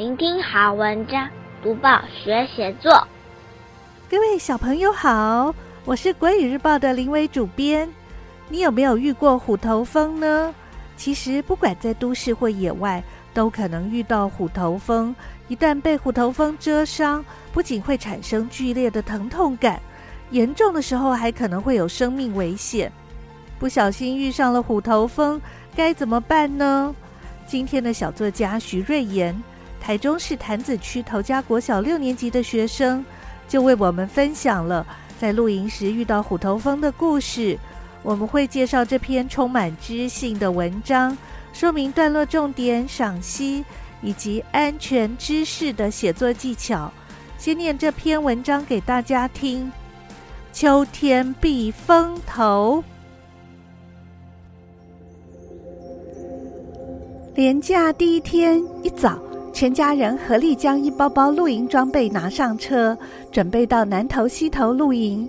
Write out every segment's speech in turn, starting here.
聆聽好文章，讀報學寫作。各位小朋友好，我是國語日報的林偉主編。你有沒有遇過虎頭蜂呢？其實不管在都市或野外，都可能遇到虎頭蜂。一旦被虎頭蜂螫傷，不僅會產生劇烈的疼痛感，嚴重的時候還可能會有生命危險。不小心遇上了虎頭蜂，該怎麼辦呢？今天的小作家徐瑞妍。臺中市潭子區頭家國小六年級的學生，就為我們分享了在露營時遇到虎頭蜂的故事。我們會介紹這篇充滿知性的文章，說明段落重點賞、賞析以及安全知識的寫作技巧。先念這篇文章給大家聽：秋天避蜂頭，連假第一天一早。全家人合力將一包包露營裝備拿上車，準備到南投溪頭露營。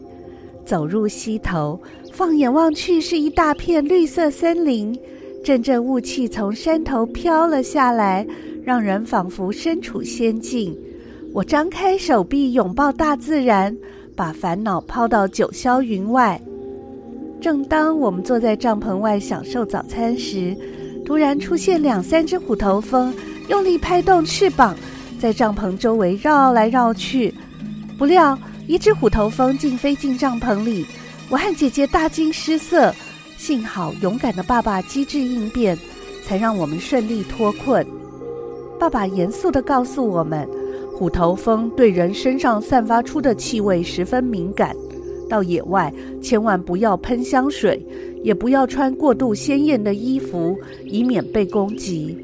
走入溪頭，放眼望去是一大片綠色森林，陣陣霧氣從山頭飄了下來，讓人仿佛身處仙境。我張開手臂擁抱大自然，把煩惱拋到九霄雲外。正當我們坐在帳篷外享受早餐時，突然出現兩三只虎頭蜂。用力拍動翅膀，在帳篷周圍繞來繞去。不料，一只虎頭蜂竟飛進帳篷裡，我和姐姐大驚失色。幸好勇敢的爸爸機智應變，才讓我們順利脫困。爸爸嚴肅地告訴我們，虎頭蜂對人身上散發出的氣味十分敏感，到野外千萬不要噴香水，也不要穿過度鮮豔的衣服，以免被攻擊。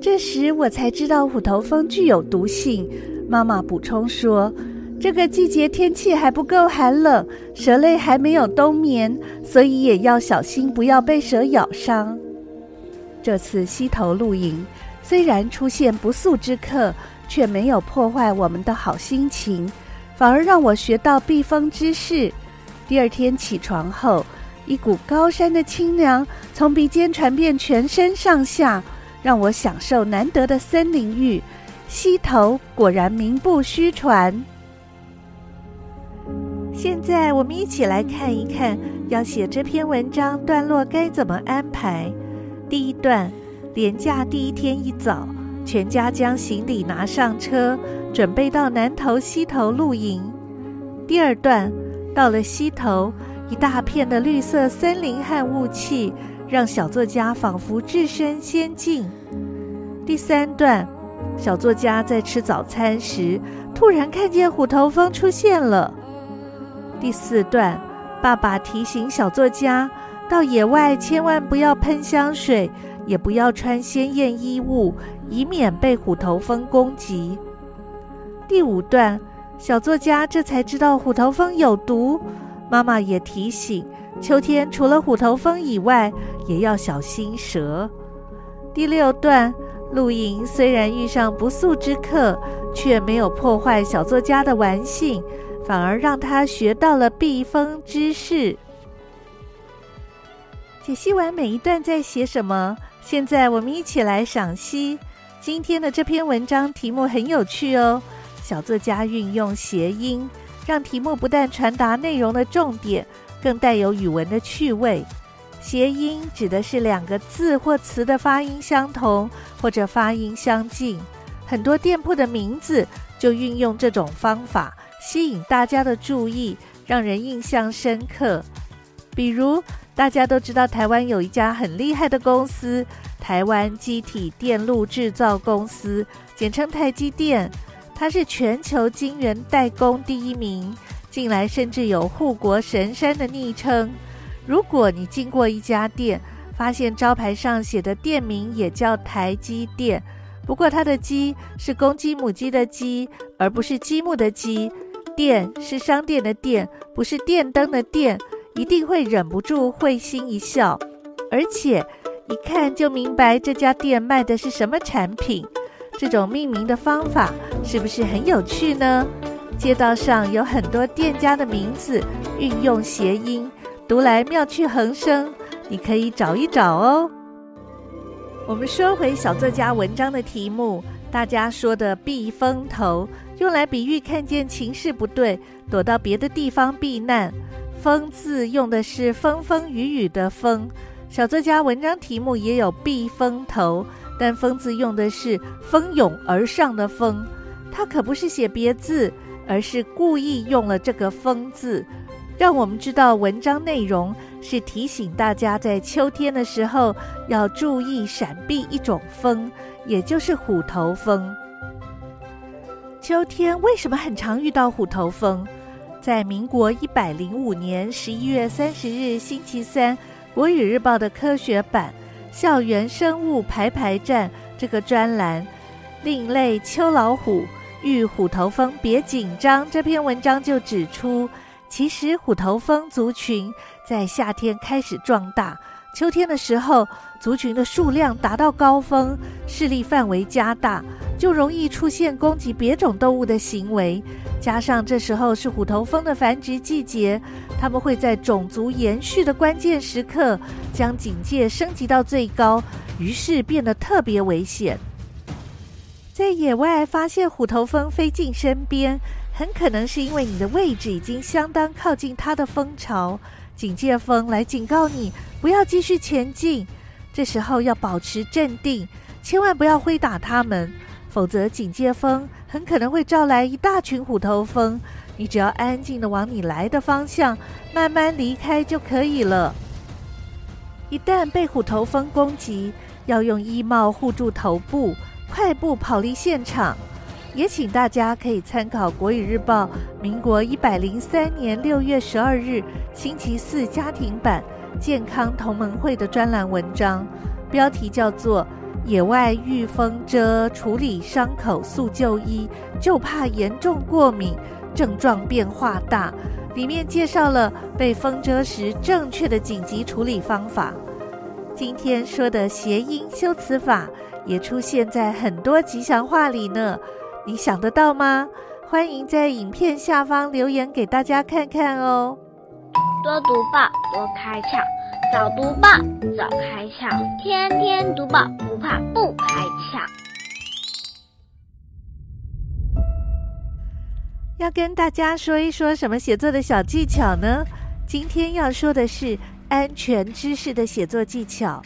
這時我才知道虎頭蜂具有毒性。媽媽補充說：“這個季節天氣還不夠寒冷，蛇類還沒有冬眠，所以也要小心，不要被蛇咬傷。”這次溪頭露營，雖然出現不速之客，卻沒有破壞我們的好心情，反而讓我學到避蜂知識。第二天起床後，一股高山的清涼從鼻尖傳遍全身上下。讓我享受難得的森林浴，溪頭果然名不虛傳。現在我們一起來看一看，要寫這篇文章段落該怎麼安排。第一段，連假第一天一早，全家將行李拿上車，準備到南投溪頭露營。第二段，到了溪頭，一大片的綠色森林和霧氣。讓小作家仿佛置身仙境。第三段，小作家在吃早餐時，突然看見虎頭蜂出現了。第四段，爸爸提醒小作家，到野外千萬不要噴香水，也不要穿鮮豔衣物，以免被虎頭蜂攻擊。第五段，小作家這才知道虎頭蜂有毒，媽媽也提醒。秋天除了虎頭蜂以外，也要小心蛇。第六段，露營雖然遇上不速之客，卻沒有破壞小作家的玩性，反而讓他學到了避蜂知識。解析完每一段在寫什麼，現在我們一起來賞析今天的這篇文章。題目很有趣哦，小作家運用諧音，讓題目不但傳達內容的重點。更帶有語文的趣味，諧音指的是兩個字或詞的發音相同或者發音相近。很多店鋪的名字就運用這種方法，吸引大家的注意，讓人印象深刻。比如，大家都知道台灣有一家很厲害的公司——台灣積體電路製造公司，簡稱台積電，它是全球晶圓代工第一名。近來甚至有“護國神山”的昵稱。如果你經過一家店，發現招牌上寫的店名也叫“台積電”，不過它的“雞”是公雞、母雞的“雞”，而不是積木的“積”；“店”是商店的“店”，不是電燈的“電”，一定會忍不住會心一笑。而且一看就明白這家店賣的是什麼產品。這種命名的方法是不是很有趣呢？街道上有很多店家的名字，運用諧音，讀來妙趣橫生，你可以找一找哦。我們說回小作家文章的題目，大家說的“避風頭”用來比喻看見情勢不對，躲到別的地方避難。風字用的是風風雨雨的風，小作家文章題目也有“避蜂頭”，但“蜂”字用的是蜂擁而上的蜂，它可不是寫別字。而是故意用了這個“蜂”字，讓我們知道文章內容是提醒大家在秋天的時候要注意閃避一種蜂，也就是虎頭蜂。秋天為什麼很常遇到虎頭蜂？在民國一百零五年十一月三十日星期三，《國語日報》的科學版《校園生物排排站》這個專欄，《另類秋老虎》。遇虎頭蜂別緊張。這篇文章就指出，其實虎頭蜂族群在夏天開始壯大，秋天的時候族群的數量達到高峰，勢力範圍加大，就容易出現攻擊別種動物的行為。加上這時候是虎頭蜂的繁殖季節，它們會在種族延續的關鍵時刻將警戒升級到最高，於是變得特別危險。在野外發現虎頭蜂飛近身邊，很可能是因為你的位置已經相當靠近它的蜂巢，警戒蜂來警告你不要繼續前進。這時候要保持鎮定，千萬不要揮打它們，否則警戒蜂很可能會招來一大群虎頭蜂。你只要安靜地往你來的方向慢慢離開就可以了。一旦被虎頭蜂攻擊，要用衣帽護住頭部，快步跑離現場。也請大家可以參考《國語日報》民國一百零三年六月十二日星期四家庭版《健康同盟會》的專欄文章，標題叫做《野外遇蜂螫，處理傷口速就醫，就怕嚴重過敏，症狀變化大》。裡面介紹了被蜂螫時正確的緊急處理方法。今天說的諧音修辭法。也出現在很多吉祥話裡呢，你想得到嗎？歡迎在影片下方留言給大家看看哦。多讀報，多開竅；早讀報，早開竅；天天讀報，不怕不開竅。要跟大家說一說什麼寫作的小技巧呢？今天要說的是安全知識的寫作技巧。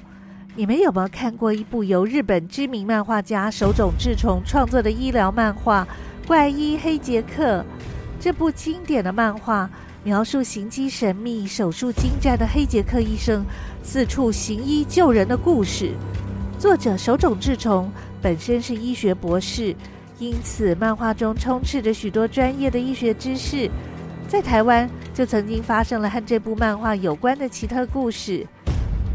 你們有沒有看過一部由日本知名漫畫家手塚治蟲創作的醫療漫畫《怪醫黑傑克》？這部經典的漫畫描述行跡神秘、手術精湛的黑傑克醫生四處行醫救人的故事。作者手塚治蟲本身是醫學博士，因此漫畫中充斥着許多專業的醫學知識。在台灣，就曾經發生了和這部漫畫有關的奇特故事。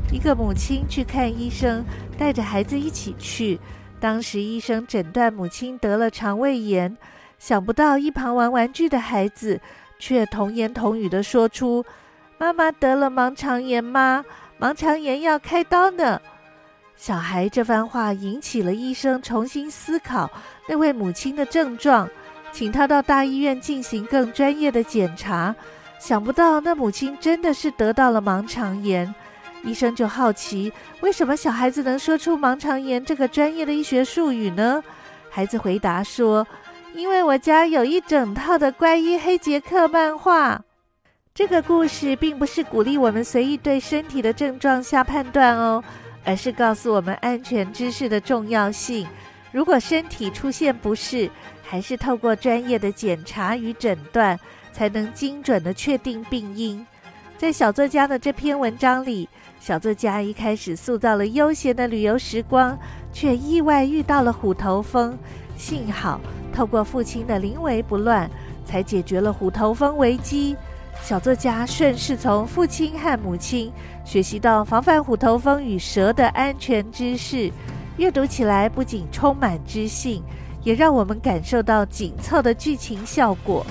一個母親去看醫生，帶着孩子一起去。當時醫生診斷母親得了腸胃炎，想不到一旁玩玩具的孩子卻童言童語的說出：“媽媽得了盲腸炎嗎？盲腸炎要開刀呢。”小孩這番話引起了醫生重新思考那位母親的症狀，請她到大醫院進行更專業的檢查。想不到那母親真的是得到了盲腸炎。醫生就好奇，為什麼小孩子能說出盲腸炎這個專業的醫學術語呢？孩子回答說：“因為我家有一整套的《怪醫黑傑克》漫畫。”這個故事並不是鼓勵我們隨意對身體的症狀下判斷哦，而是告訴我們安全知識的重要性。如果身體出現不適，還是透過專業的檢查與診斷，才能精準地確定病因。在小作家的這篇文章裡，小作家一開始塑造了悠閒的旅遊時光，卻意外遇到了虎頭蜂。幸好，透過父親的臨危不亂，才解決了虎頭蜂危機。小作家順勢從父親和母親學習到防範虎頭蜂與蛇的安全知識。閱讀起來不僅充滿知性，也讓我們感受到緊湊的劇情效果。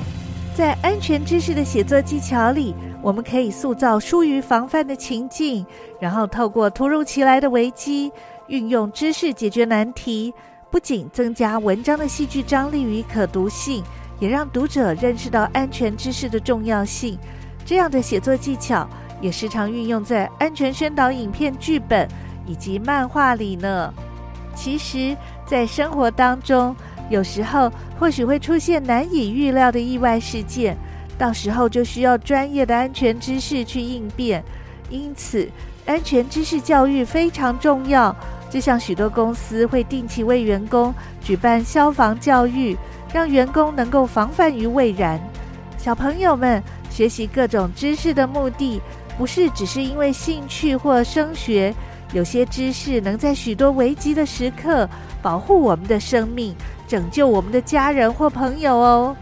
在安全知識的寫作技巧裡。我們可以塑造疏於防範的情境，然後透過突如其來的危機，運用知識解決難題，不僅增加文章的戲劇張力與可讀性，也讓讀者認識到安全知識的重要性。這樣的寫作技巧也時常運用在安全宣導影片劇本以及漫畫裡呢。其實，在生活當中，有時候或許會出現難以預料的意外事件。到時候就需要專業的安全知識去應變，因此安全知識教育非常重要。就像許多公司會定期為員工舉辦消防教育，讓員工能夠防範於未然。小朋友們學習各種知識的目的，不是只是因為興趣或升學，有些知識能在許多危急的時刻保護我們的生命，拯救我們的家人或朋友哦。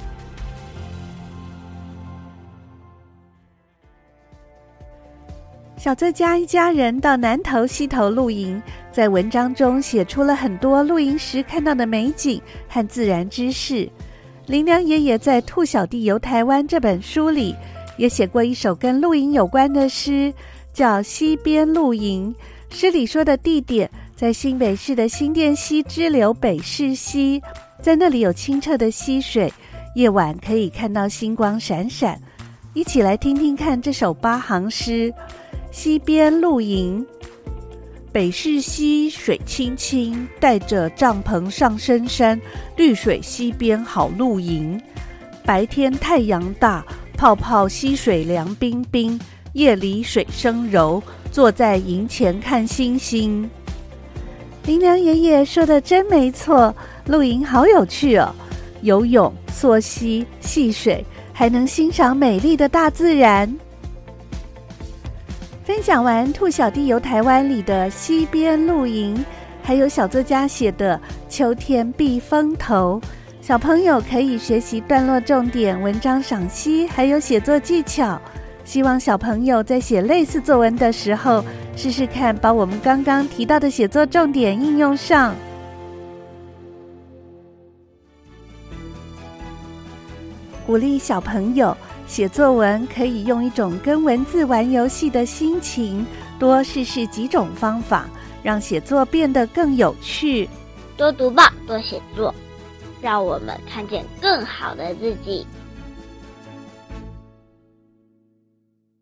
小作家一家人到南投溪頭露營，在文章中寫出了很多露營時看到的美景和自然之事。林良爺爺在《兔小弟遊台灣》這本書裡也寫過一首跟露營有關的詩，叫《溪邊露營》。詩裡說的地點在新北市的新店溪支流北勢溪，在那裡有清澈的溪水，夜晚可以看到星光閃閃。一起來聽聽看這首八行詩。溪邊露營，北勢溪水清清，帶着帳篷上深山，綠水溪邊好露營。白天太陽大，泡泡溪水涼冰冰；夜裡水聲柔，坐在營前看星星。林良爺爺說的真沒錯，露營好有趣哦！游泳、溯溪、戲水，還能欣賞美麗的大自然。分享完《兔小弟遊臺灣》裡的溪邊露營，還有小作家寫的秋天避蜂頭，小朋友可以學習段落重點、文章賞析，還有寫作技巧。希望小朋友在寫類似作文的時候，試試看把我們剛剛提到的寫作重點應用上，鼓勵小朋友。寫作文可以用一種跟文字玩遊戲的心情，多試試幾種方法，讓寫作變得更有趣。多讀報，多寫作，讓我們看見更好的自己。